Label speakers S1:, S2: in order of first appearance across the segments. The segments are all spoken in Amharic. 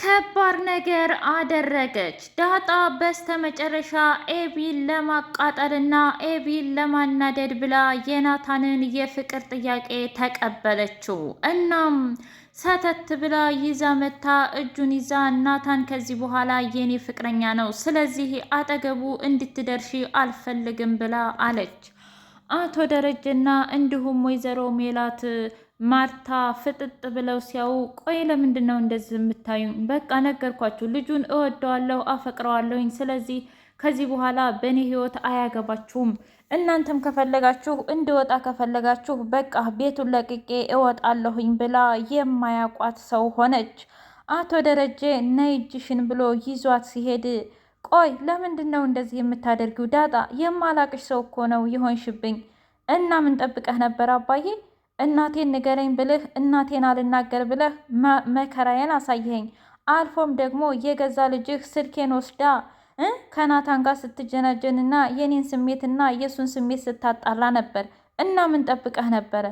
S1: ከባድ ነገር አደረገች። ዳጣ በስተመጨረሻ ኤቢን ለማቃጠልና ኤቢን ለማናደድ ብላ የናታንን የፍቅር ጥያቄ ተቀበለችው። እናም ሰተት ብላ ይዛ መታ እጁን ይዛ ናታን ከዚህ በኋላ የኔ ፍቅረኛ ነው፣ ስለዚህ አጠገቡ እንድትደርሺ አልፈልግም ብላ አለች። አቶ ደረጀና እንዲሁም ወይዘሮ ሜላት ማርታ ፍጥጥ ብለው ሲያዩ፣ ቆይ ለምንድን ነው እንደዚህ የምታዩኝ? በቃ ነገርኳችሁ፣ ልጁን እወደዋለሁ፣ አፈቅረዋለሁኝ። ስለዚህ ከዚህ በኋላ በእኔ ህይወት አያገባችሁም። እናንተም ከፈለጋችሁ እንድወጣ ከፈለጋችሁ በቃ ቤቱን ለቅቄ እወጣለሁኝ ብላ የማያውቋት ሰው ሆነች። አቶ ደረጀ ነይ እጅሽን ብሎ ይዟት ሲሄድ ቆይ ለምንድን ነው እንደዚህ የምታደርጊው ዳጣ? የማላቅሽ ሰው እኮ ነው የሆንሽብኝ። እና ምን ጠብቀህ ነበር አባዬ እናቴን ንገረኝ ብልህ እናቴን አልናገር ብለህ መከራዬን አሳየኸኝ። አልፎም ደግሞ የገዛ ልጅህ ስልኬን ወስዳ ከናታን ጋር ስትጀናጀንና የኔን ስሜትና የእሱን ስሜት ስታጣላ ነበር እና ምን ጠብቀህ ነበረ?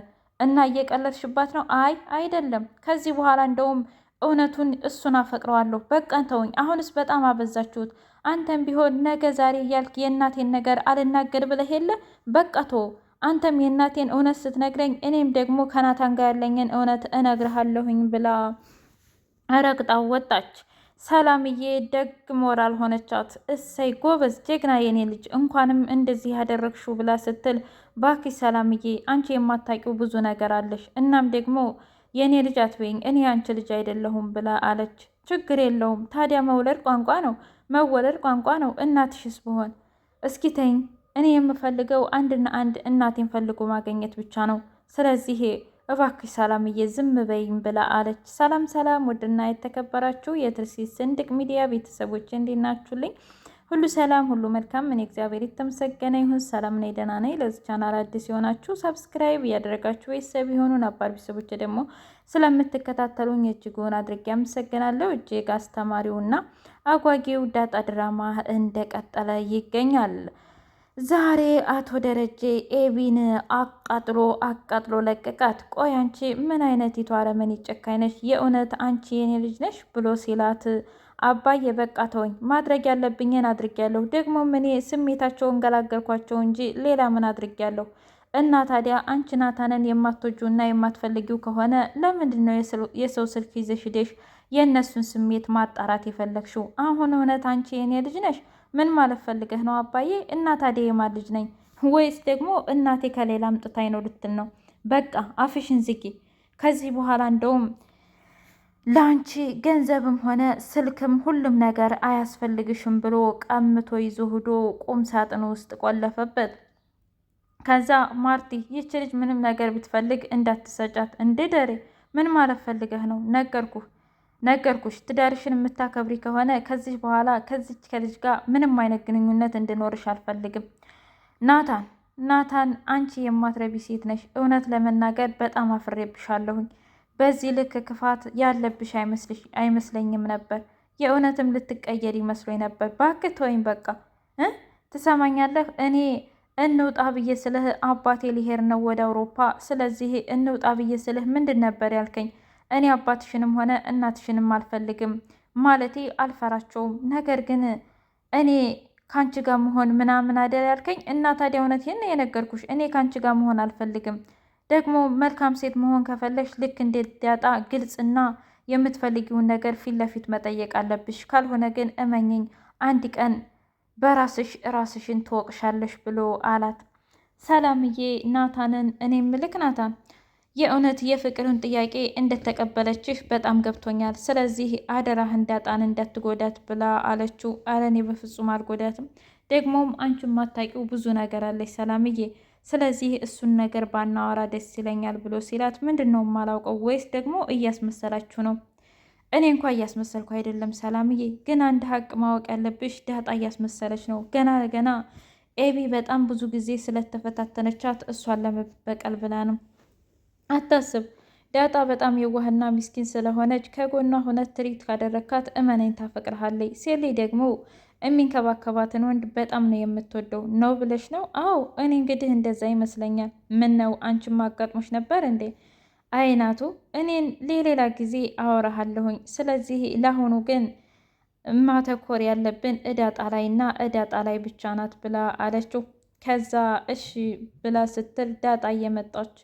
S1: እና እየቀለድሽባት ነው? አይ አይደለም። ከዚህ በኋላ እንደውም እውነቱን እሱን አፈቅረዋለሁ። በቃን ተውኝ። አሁንስ በጣም አበዛችሁት። አንተም ቢሆን ነገ ዛሬ እያልክ የእናቴን ነገር አልናገር ብለህ የለ በቃ ተወው። አንተም የእናቴን እውነት ስትነግረኝ እኔም ደግሞ ከናታን ጋር ያለኝን እውነት እነግርሃለሁኝ ብላ ረግጣው ወጣች። ሰላምዬ ደግ ሞራል ሆነቻት። እሰይ ጎበዝ ጀግና የኔ ልጅ እንኳንም እንደዚህ ያደረግሹ ብላ ስትል ባክሽ ሰላምዬ አንቺ የማታውቂው ብዙ ነገር አለሽ። እናም ደግሞ የእኔ ልጅ አትበይኝ፣ እኔ አንቺ ልጅ አይደለሁም ብላ አለች። ችግር የለውም ታዲያ መውለድ ቋንቋ ነው፣ መወለድ ቋንቋ ነው። እናትሽስ ብሆን እስኪ ተይኝ እኔ የምፈልገው አንድና አንድ እናቴን ፈልጎ ማገኘት ብቻ ነው። ስለዚህ እባክሽ ሰላምዬ ዝም በይም ብላ አለች። ሰላም ሰላም! ውድና የተከበራችሁ የትርሲት ስንድቅ ሚዲያ ቤተሰቦች እንዴት ናችሁልኝ? ሁሉ ሰላም፣ ሁሉ መልካም። እኔ እግዚአብሔር የተመሰገነ ይሁን ሰላም ነኝ፣ ደህና ነኝ። ለዚህ ቻናል አዲስ የሆናችሁ ሰብስክራይብ እያደረጋችሁ ቤተሰብ የሆኑ ነባር ቤተሰቦች ደግሞ ስለምትከታተሉኝ እጅጉን አድርጌ አመሰግናለሁ። እጅግ አስተማሪውና አጓጊው ዳጣ ድራማ እንደቀጠለ ይገኛል። ዛሬ አቶ ደረጀ ኤቢን አቃጥሎ አቃጥሎ ለቀቃት። ቆይ አንቺ ምን አይነት አረመኔ ጨካኝ ነሽ? የእውነት አንቺ የኔ ልጅ ነሽ ብሎ ሲላት አባዬ በቃ ተወኝ፣ ማድረግ ያለብኝን አድርጊያለሁ። ደግሞ እኔ ስሜታቸውን ገላገልኳቸው እንጂ ሌላ ምን አድርጊያለሁ? እና ታዲያ አንቺ ናታንን የማትወጂው እና የማትፈልጊው ከሆነ ለምንድን ነው የሰው ስልክ ይዘሽ ሂደሽ የእነሱን ስሜት ማጣራት የፈለግሽው? አሁን እውነት አንቺ የኔ ልጅ ነሽ? ምን ማለት ፈልገህ ነው አባዬ? እና ታዲያ የማን ልጅ ነኝ? ወይስ ደግሞ እናቴ ከሌላ አምጥታኝ ነው ልትል ነው? በቃ አፍሽን ዝጊ። ከዚህ በኋላ እንደውም ለአንቺ ገንዘብም ሆነ ስልክም ሁሉም ነገር አያስፈልግሽም ብሎ ቀምቶ ይዞ ሂዶ ቁም ሳጥን ውስጥ ቆለፈበት። ከዛ ማርቲ ይች ልጅ ምንም ነገር ብትፈልግ እንዳትሰጫት። እንዴ ደሬ ምን ማለት ፈልገህ ነው? ነገርኩህ ነገርኩሽ። ትዳርሽን የምታከብሪ ከሆነ ከዚህ በኋላ ከዚች ከልጅ ጋር ምንም አይነት ግንኙነት እንድኖርሽ አልፈልግም። ናታን ናታን፣ አንቺ የማትረቢ ሴት ነሽ። እውነት ለመናገር በጣም አፍሬብሻለሁኝ። በዚህ ልክ ክፋት ያለብሽ አይመስለኝም ነበር። የእውነትም ልትቀየር ይመስሎኝ ነበር። ባክት ወይም በቃ ትሰማኛለህ እኔ እንውጣ ብዬ ስልህ አባቴ ሊሄድ ነው ወደ አውሮፓ። ስለዚህ እንውጣ ብዬ ስልህ ምንድን ነበር ያልከኝ? እኔ አባትሽንም ሆነ እናትሽንም አልፈልግም ማለቴ አልፈራቸውም። ነገር ግን እኔ ከአንቺ ጋር መሆን ምናምን አደል ያልከኝ እና ታዲያ እውነቴን የነገርኩሽ እኔ ከአንቺ ጋር መሆን አልፈልግም። ደግሞ መልካም ሴት መሆን ከፈለሽ ልክ እንዴት ዳጣ ግልጽና የምትፈልጊውን ነገር ፊት ለፊት መጠየቅ አለብሽ። ካልሆነ ግን እመኝኝ አንድ ቀን በራስሽ ራስሽን ትወቅሻለሽ ብሎ አላት። ሰላምዬ ናታንን እኔ ምልክ ናታን የእውነት የፍቅርን ጥያቄ እንደተቀበለችህ በጣም ገብቶኛል። ስለዚህ አደራህ እንዳጣን እንዳትጎዳት ብላ አለችው። አረ እኔ በፍጹም አልጎዳትም። ደግሞም አንቺን ማታቂው ብዙ ነገር አለች ሰላምዬ። ስለዚህ እሱን ነገር ባናወራ ደስ ይለኛል ብሎ ሲላት ምንድን ነው የማላውቀው? ወይስ ደግሞ እያስመሰላችሁ ነው? እኔ እንኳ እያስመሰልኩ አይደለም ሰላምዬ፣ ግን አንድ ሀቅ ማወቅ ያለብሽ ዳጣ እያስመሰለች ነው። ገና ገና ኤቢ በጣም ብዙ ጊዜ ስለተፈታተነቻት እሷን ለመበቀል ብላ ነው አታስብ ዳጣ በጣም የዋህና ምስኪን ስለሆነች ከጎኗ ሁነት ትሪት ካደረካት እመነኝ ታፈቅርሃለች። ሴሌ ደግሞ የሚንከባከባትን ወንድ በጣም ነው የምትወደው ነው ብለሽ ነው? አዎ እኔ እንግዲህ እንደዛ ይመስለኛል። ምን ነው አንቺም አጋጥሞች ነበር እንዴ? አይናቱ እኔን ለሌላ ጊዜ አወራሃለሁኝ። ስለዚህ ለአሁኑ ግን ማተኮር ያለብን እዳጣ ላይና እዳጣ ላይ ብቻ ናት ብላ አለችው። ከዛ እሺ ብላ ስትል ዳጣ እየመጣች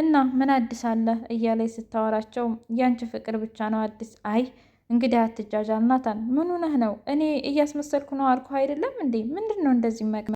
S1: እና ምን አዲስ አለ እያለች ስታወራቸው ያንቺ ፍቅር ብቻ ነው አዲስ። አይ እንግዲህ አትጃጃል ናታን። ምን ሆነህ ነው? እኔ እያስመሰልኩ ነው አልኩህ አይደለም እንዴ? ምንድን ነው እንደዚህ